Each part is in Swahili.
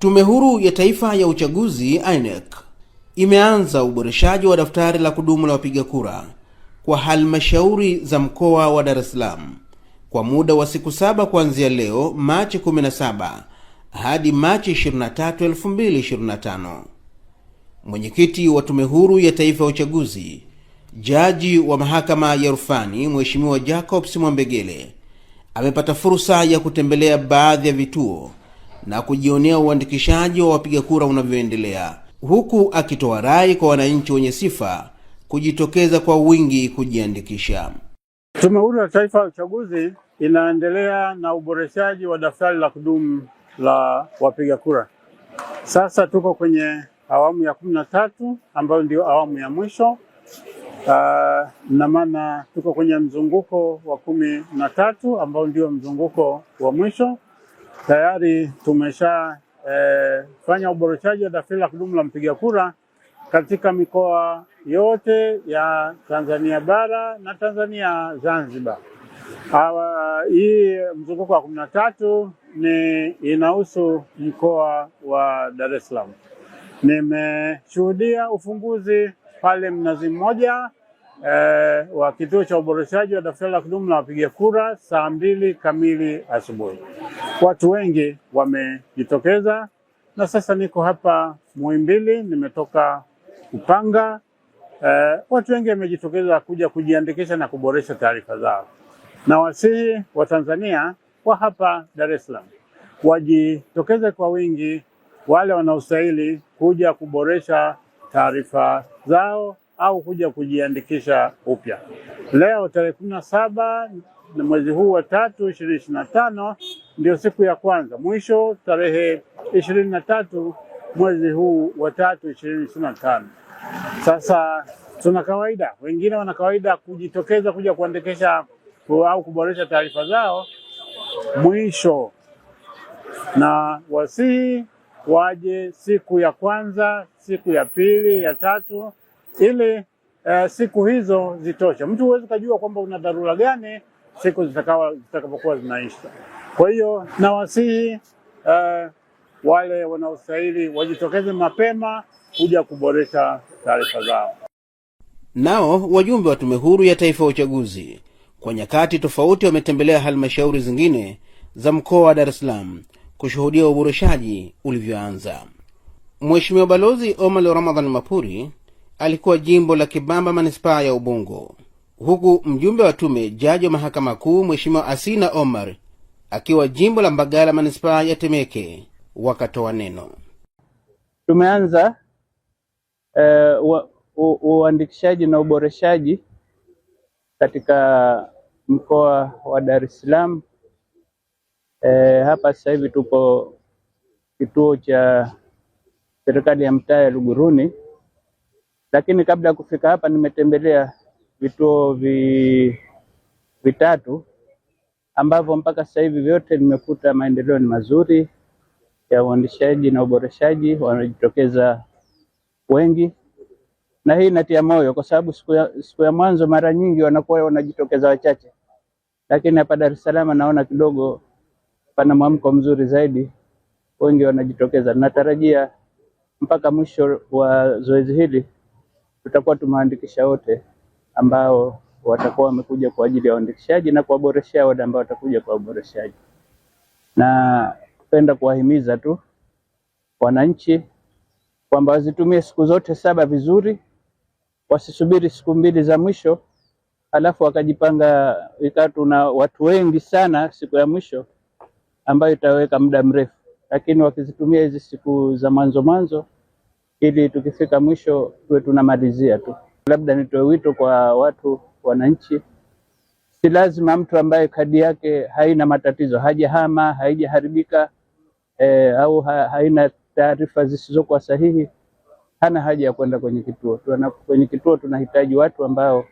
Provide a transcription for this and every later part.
Tume Huru ya Taifa ya Uchaguzi INEC imeanza uboreshaji wa daftari la kudumu la wapiga kura kwa halmashauri za mkoa wa Dar es Salaam kwa muda wa siku saba kuanzia leo Machi 17 hadi Machi 23, 2025. Mwenyekiti wa Tume Huru ya Taifa ya Uchaguzi, Jaji wa Mahakama ya Rufani Mheshimiwa Jacobs Mwambegele amepata fursa ya kutembelea baadhi ya vituo na kujionea uandikishaji wa wapiga kura unavyoendelea, huku akitoa rai kwa wananchi wenye sifa kujitokeza kwa wingi kujiandikisha. Tume Huru ya Taifa ya Uchaguzi inaendelea na uboreshaji wa daftari la kudumu la wapiga kura. Sasa tuko kwenye awamu ya kumi na tatu ambayo ndio awamu ya mwisho. Uh, ah, na maana tuko kwenye mzunguko wa kumi na tatu ambao ndio mzunguko wa mwisho tayari tumeshafanya eh, e, uboreshaji wa daftari la kudumu la mpiga kura katika mikoa yote ya Tanzania bara na Tanzania Zanzibar. Hawa, hii mzunguko wa kumi na tatu ni inahusu mkoa wa Dar es Salaam. Nimeshuhudia ufunguzi pale Mnazi Mmoja eh, wa kituo cha uboreshaji wa daftari la kudumu la wapiga kura saa mbili kamili asubuhi. Watu wengi wamejitokeza na sasa niko hapa Muhimbili, nimetoka Upanga. Eh, watu wengi wamejitokeza kuja kujiandikisha na kuboresha taarifa zao, na wasihi wa Tanzania wa hapa Dar es Salaam wajitokeze kwa wingi, wale wanaostahili kuja kuboresha taarifa zao au kuja kujiandikisha upya. Leo tarehe kumi na saba na mwezi huu wa tatu ishirini ishirini na tano ndio siku ya kwanza, mwisho tarehe ishirini na tatu mwezi huu wa tatu ishirini ishirini na tano. Sasa tuna kawaida, wengine wana kawaida kujitokeza kuja kuandikisha au kuboresha taarifa zao mwisho, na wasihi waje siku ya kwanza, siku ya pili, ya tatu ili uh, siku hizo zitoshe. Mtu huwezi kujua kwamba una dharura gani siku zitakapokuwa zinaisha. Kwa hiyo nawasihi uh, wale wanaostahili wajitokeze mapema kuja kuboresha taarifa zao. Nao wajumbe wa Tume Huru ya Taifa ya Uchaguzi kwa nyakati tofauti wametembelea halmashauri zingine za mkoa wa Dar es Salaam kushuhudia uboreshaji ulivyoanza. Mheshimiwa Balozi Omar Ramadhan Mapuri alikuwa jimbo la Kibamba, manispaa ya Ubungo, huku mjumbe wa tume jaji wa mahakama kuu mweshimiwa Asina Omar akiwa jimbo la Mbagala, manispaa ya Temeke. Wakatoa neno. Tumeanza eh, uandikishaji uh, na uboreshaji katika mkoa wa Dar es Salaam. Uh, hapa sasa hivi tupo kituo cha serikali ya mtaa ya Luguruni. Lakini kabla ya kufika hapa nimetembelea vituo vi, vitatu ambavyo mpaka sasa hivi vyote nimekuta maendeleo ni mazuri ya uandishaji na uboreshaji, wanajitokeza wengi, na hii inatia moyo kwa sababu siku ya, siku ya mwanzo mara nyingi wanakuwa wanajitokeza wachache, lakini hapa Dar es Salaam naona kidogo pana mwamko mzuri zaidi, wengi wanajitokeza. Natarajia mpaka mwisho wa zoezi hili tutakuwa tumeandikisha wote ambao watakuwa wamekuja kwa ajili ya uandikishaji na kuwaboreshea wale ambao watakuja kwa uboreshaji. Na napenda kuwahimiza tu wananchi kwamba wazitumie siku zote saba vizuri, wasisubiri siku mbili za mwisho alafu wakajipanga ikawa tuna watu wengi sana siku ya mwisho ambayo itaweka muda mrefu, lakini wakizitumia hizi siku za mwanzo mwanzo ili tukifika mwisho tuwe tunamalizia tu. Labda nitoe wito kwa watu, wananchi, si lazima mtu ambaye kadi yake haina matatizo, hajahama, haijaharibika e, au ha, haina taarifa zisizokuwa sahihi, hana haja ya kwenda kwenye kituo. Tuna, kwenye kituo tunahitaji watu ambao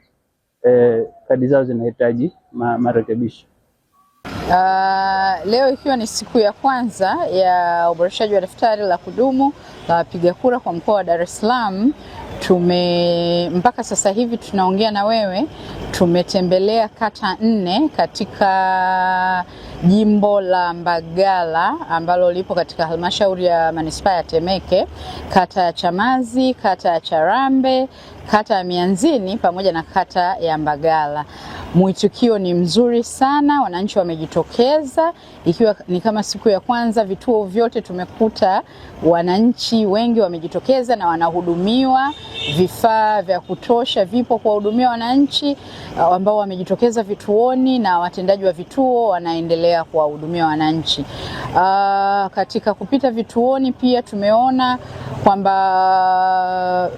e, kadi zao zinahitaji ma, marekebisho. Uh, leo ikiwa ni siku ya kwanza ya uboreshaji wa daftari la kudumu la wapiga kura kwa mkoa wa Dar es Salaam, tume mpaka sasa hivi tunaongea na wewe, tumetembelea kata nne katika jimbo la Mbagala ambalo lipo katika halmashauri ya manispaa ya Temeke, kata ya Chamazi, kata ya Charambe, kata ya Mianzini pamoja na kata ya Mbagala. Mwitikio ni mzuri sana, wananchi wamejitokeza, ikiwa ni kama siku ya kwanza. Vituo vyote tumekuta wananchi wengi wamejitokeza na wanahudumiwa, vifaa vya kutosha vipo kuwahudumia wananchi ambao wamejitokeza vituoni na watendaji wa vituo wanaendelea kuendelea kuwahudumia wananchi. Uh, katika kupita vituoni pia tumeona kwamba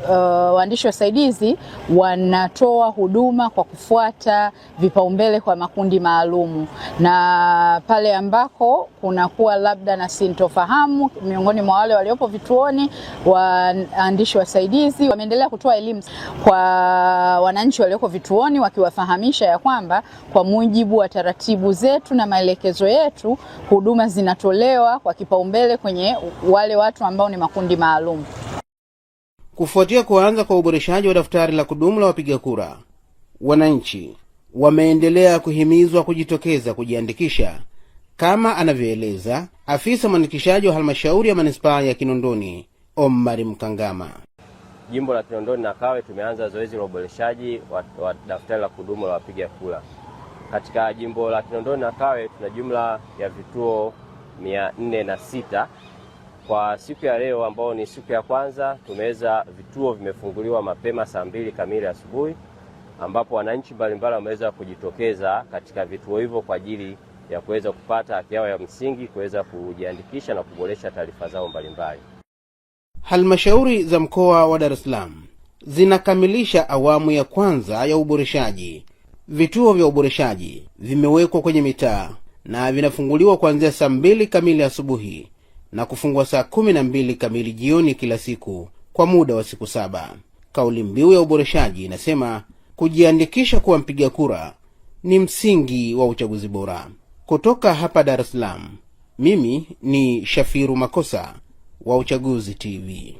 uh, waandishi wasaidizi wanatoa huduma kwa kufuata vipaumbele kwa makundi maalumu, na pale ambako kunakuwa labda na sintofahamu miongoni mwa wale waliopo vituoni, waandishi wasaidizi wameendelea kutoa elimu kwa wananchi walioko vituoni, wakiwafahamisha ya kwamba kwa mujibu wa taratibu zetu na maelekezo yetu, huduma zinatolewa kwa kipaumbele kwenye wale watu ambao ni makundi maalum. Kufuatia kuanza kwa uboreshaji wa daftari la kudumu la wapiga kura, wananchi wameendelea kuhimizwa kujitokeza kujiandikisha, kama anavyoeleza afisa mwandikishaji wa halmashauri ya manispaa ya Kinondoni, Omari Mkangama. Jimbo la Kinondoni na Kawe tumeanza zoezi la uboreshaji wa, wa daftari la kudumu la wapiga kura. Katika jimbo la Kinondoni na Kawe tuna jumla ya vituo mia nne na sita kwa siku ya leo ambao ni siku ya kwanza, tumeweza vituo vimefunguliwa mapema saa mbili kamili asubuhi, ambapo wananchi mbalimbali wameweza kujitokeza katika vituo hivyo kwa ajili ya kuweza kupata haki yao ya msingi kuweza kujiandikisha na kuboresha taarifa zao mbalimbali. Halmashauri za mkoa wa Dar es Salaam zinakamilisha awamu ya kwanza ya uboreshaji. Vituo vya uboreshaji vimewekwa kwenye mitaa na vinafunguliwa kuanzia saa mbili kamili asubuhi na kufungwa saa kumi na mbili kamili jioni kila siku kwa muda wa siku saba. Kauli mbiu ya uboreshaji inasema kujiandikisha kuwa mpiga kura ni msingi wa uchaguzi bora. Kutoka hapa Dar es Salaam, mimi ni Shafiru Makosa wa Uchaguzi TV.